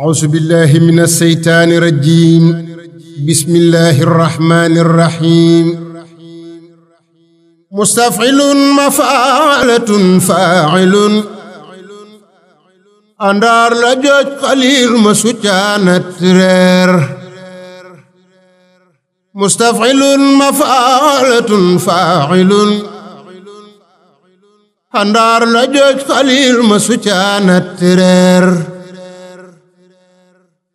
أعوذ بالله من الشيطان الرجيم بسم الله الرحمن الرحيم مستفعل مفعلة فاعل àndaar la jooj xaliil ma sucaana tireer mustafilun mafaalatun failun àndaar la jooj xaliil ma sucaana tireer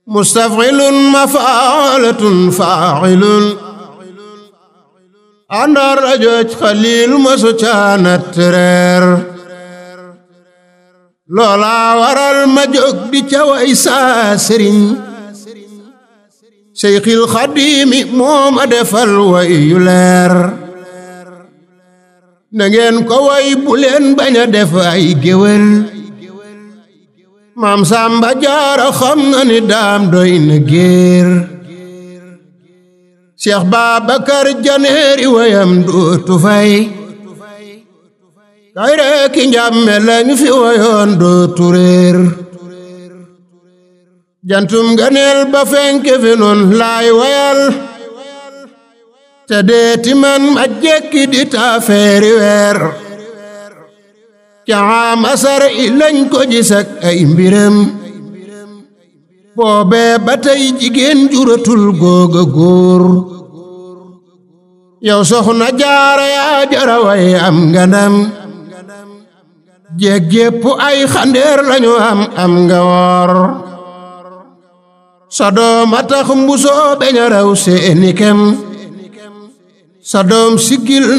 mustafilun mafaalatun failun àndaar a jooj xaliil masu caanat reer loolaa waral ma jóg di caway saa sëriñ seyxil xadiimi moom a defal way yu leer na ngeen ko way bu leen bañ a def ay géwél maam Samba Jaara xam na ni daam doy na géer Cheikh Babacar Janeeri wayam dootu fay kay reeki njàmme lañu fi wayoon dootu réer jantum ganeel ba fenke fi nun laay wayal te deeti man ma jekki di taafeeri weer ca masar i lañ ko gis ak ay mbiram boobee ba tey jigéen juratul googa góor yow soxna jaara yaa jaraway am nga ndam jépp ay xandeer lañu am am nga woor a tax mbusoo beñ a raw seeni kem sa doom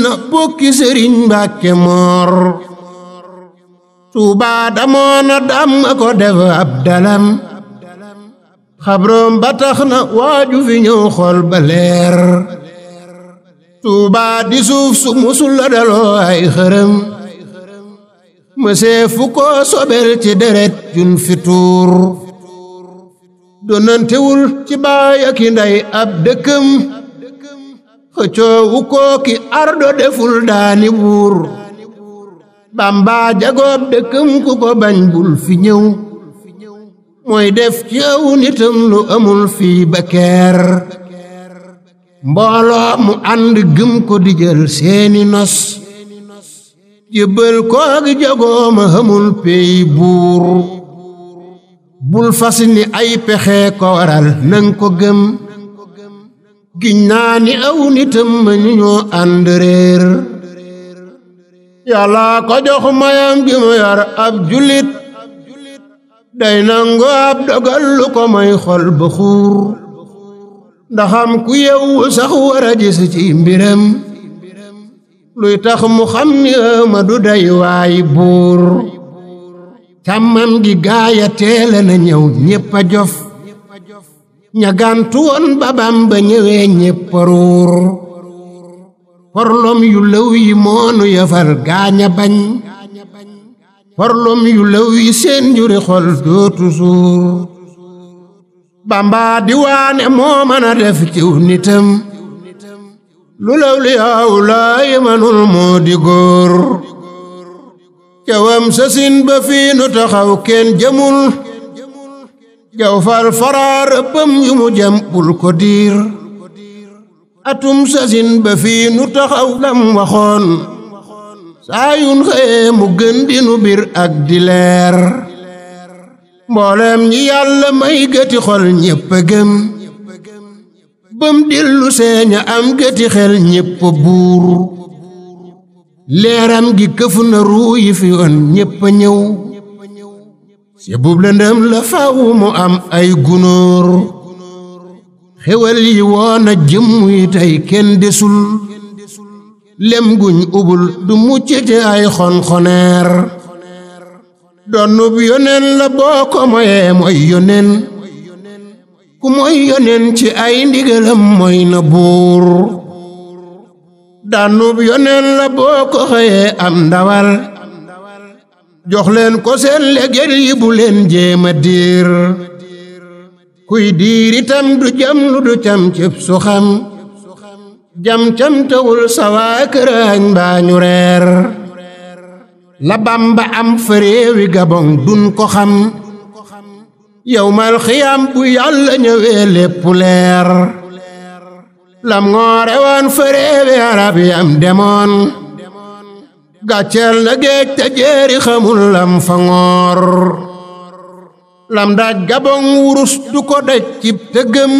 na bokki sëriñ mbàkke moor Tuuba damoon na dam ko def ab dalam xabroom ba tax na waaju fi ñëw xol ba leer Tuuba di suuf su musul daloo ay xërëm mësee fu ko sobel ci deret jun fi tuur donantewul ci baay ak ndey ab dëkkam xëccoowu kooki ardo deful daani buur bamba jagoob dëkkam ku ko bañ bul fi ñëw mooy def ci aw nitam lu amul fii ba keer mbooloo mu ànd gëm ko di jël seeni nos jébbal koogi jagooma amul pey buur bul fas ni ay pexe ko waral nang ko gëm giñ naa ni aw nitam ma ñu ñoo ànd réer yàlla ko jox mayam gi mu yar ab julit day nangu ab dogal ko may xol ba xuur ndaxam ku yewu sax war a gis ci mbiram luy tax mu xam ni ma du day waay buur càmmam gi gaaya teela na ñëw ñépp a jof ña gàntu woon babam ba ñépp a ruur forlom yu lëw yi moonu yëfal gaaña bañ forlom yu lëw yi seen njuri xol dootu suur bamba diwaane moo mën a def ciw nitam lu law li yaaw laay manul moo di góor jawam sasin ba fii nu taxaw kenn jëmul jaw fal faraar ëppam yu mu jam bul ko diir atum sasin ba fii nu taxaw lam waxoon saayun xëyee mu gën di nu ak di leer mboolem ñi yàlla may gëti xol ñépp a gëm bam dillu seeña am gëti xel ñépp buur leeram gi këfu na ruu yi fi woon ñépp a ñëw lëndëm la fawu mu am ay gunóor xewal yi woona jëm yi tey kenn desul lem guñ ubul du mucc ci ay xonxoneer donnub yonen la boo ko moyee mooy yonen ku mooy yonen ci ay ndigalam mooy na buur dannub yonen la boo ko xëyee am ndawal jox ko seen leger yi bu leen jéema diir kuy diiritam du jam du cam su xam jam cam këraañ mbaa reer la Bamba am fëréewi gabon dun ko xam yowmal xiyaam bu yàlla ñëwee lépp leer lam ngoore fëréewi arab yam demoon gàcceel na géej te jéeri xamul lam fa ngoor lam daaj gabon wurus du ko daj cib tëggëm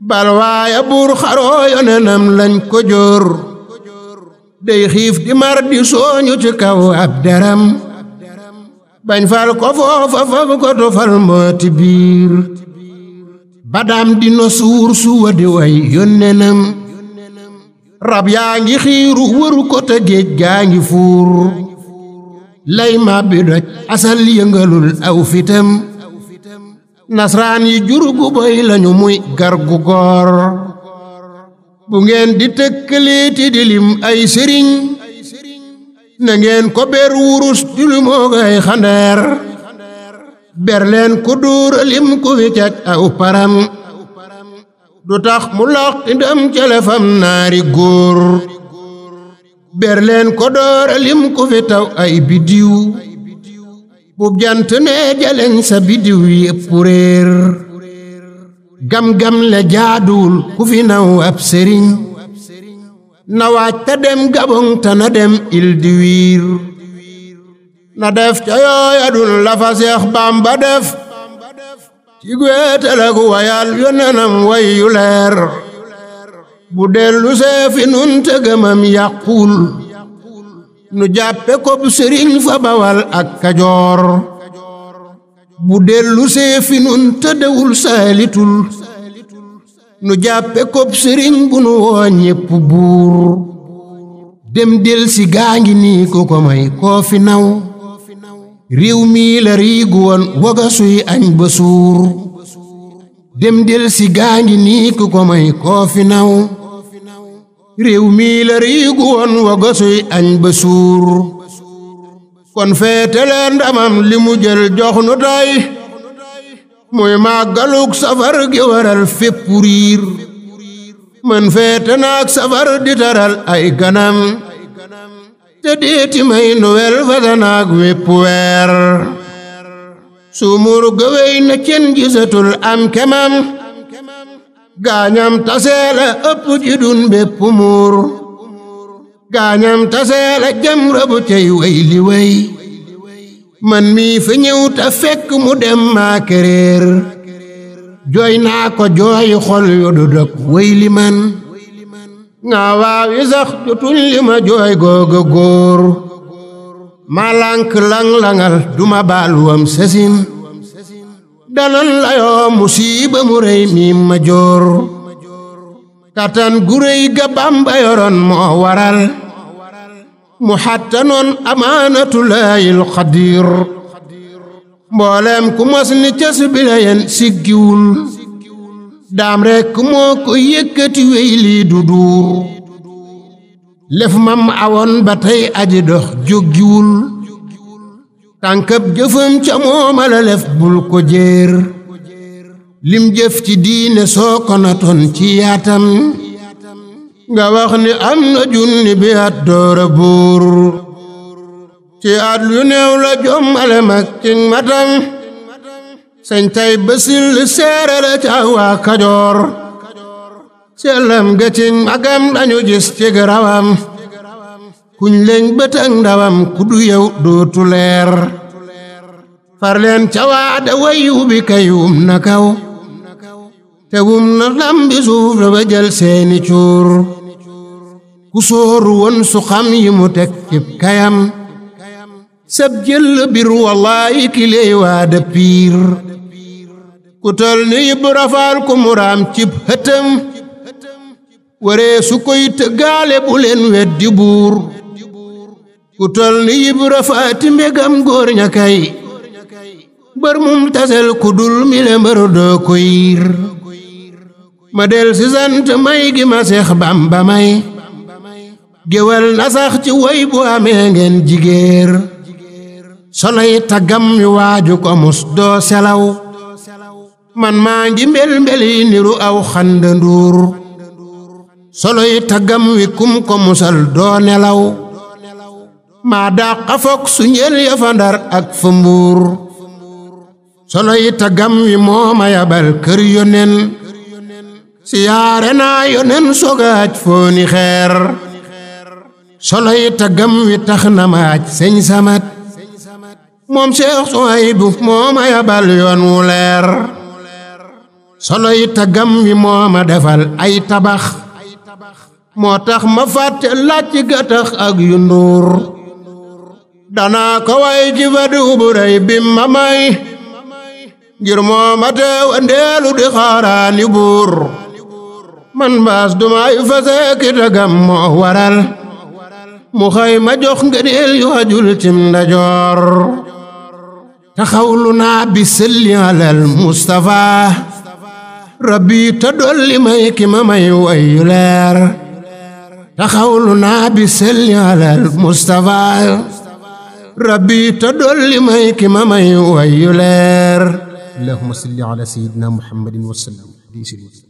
balwaaya buur xaroo yonenam lañ ko jóor dey xiif di mar di sooñu ci kaw ab deram bañ fal ko foofa faf ko tofal mooti biir badaam di no suur suwa di way yónnenam rab yaa ngi xiiru wëru ko te gaa ngi fuur lay bi doj asal yëngalul aw fitam nasraan yi jurugu bay lañu muy gargu gu goor bu ngeen di tëkkaleeti di lim ay sëriñ na ngeen ko ber wurus di limoo gay xandeer ber leen ku duur lim ku wicak aw param du tax mu laq ndam celefam naari góor berleen ko doora ku fi taw ay bidiw bu jant ne jaleñ sa bidiw yépp réer gam-gam le jaaduwul ku fi naw ab sëriñ na waaj ta dem gaboŋ ta dem il wiir na def ca yooya dun lafa seex bamba def ci gwéetal ak wayal yónnenam wayu leer bu dellu see fi nun te gëmam nu jàppe ko bu sëriñ fa bawal ak kajoor bu dellu see fi nun te dewul nu jàppe ko bu sëriñ bu nu woo ñépp buur dem del si gaa nii ku ko may koo fi naw réew mii la riigu woon waga añ ba dem del si gaa ngi nii ku ko may koo fi naw réew mii la riigu woon wa gosuy añ ba suur kon feete leen ndamam li mu jël jox nu tey safar gi fépp riir mën feete naag safar di ay ganam te deeti may nuwel fasa naag wépp weer suumur gëwéy na cen gisatul am kemam gaañam taseela ëpp ji dun bépp muur gaañam taseela jam rabu cey way way man mii fa ñëw ta fekk mu dem maa kereer jooy naa ko jooyi xol yu du dog way man nga waaw yi sax jotuñ li ma jooy googa góor ma lank lang langal duma baal wam sesin danan layoo musiiba mu rëy mi ma joor katan gu rëy ga Bamba yoroon moo waral mu xattanoon amaanatulayil xadiir mboolem ku mos ni cës bi siggiwul daam rekk moo ko yëkkati wey lii du duur ba tey aji dox jóggiwul tànkab jëfam ca mooma lef bul ko jéer lim jëf ci diine soo ko natoon ci yaatam nga wax ni am na junni bi at doora buur ci at yu néew la jommale mag cig matam sañ tay basil seere la ca waa kajoor sellam ga cig magam dañu gis cig rawam kuñ leñ bët ak ndawam ku du yow dootu leer farleen cawaada wayu bi kayum na kaw tegum na lambi suuf da ba seeni cuur ku sóoru won su xam yi mu teg cib kayam sab jël bir wallaayi kiley waa da piir ku tol ni Ibra Faal ku muraam cib xëtëm waree su koy tëggaale bu leen weddi buur ku tol ni yibra faati mbégam góor ña kay bër mum tasel ku dul mi le doo ko yir ma del si may gi ma seex bamba may géwal na sax ci woy bu amee ngeen jigéer solay taggam yu waaju ko mus doo selaw man maa ngi mbel mbeli niru aw xandanduur soloy taggam wi kum ko musal doo nelaw maa daa xafook su njël ya fa ndar ak fa mbuur solo yi tagam wi mooma yabal kër yonen siyaare naa yonen sogaaj fooni xeer solo yi tagam wi tax na maaj sëñ samat moom seex Suwaybu mooma yabal yoon wu leer solo yi tagam wi mooma defal ay tabax moo tax ma fàtte laaj ci ak yu nduur danaa ko ci fadigu bu rëy bim ma may ngir moo ma teew ndeelu di xaaraani buur man baas dumay faseeki dagam moo waral mu xëy ma jox ngëneel yu ajul cim ndajoor taxawlu naa bi sëlli alal Mustafa rabbi ta dolli may ki ma may wayu leer taxawlu naa bi sëlli alal Mustafa rabbi ta dolli may ki ma may wayu leer allahumma salli ala sayyidina muhammadin wa sallam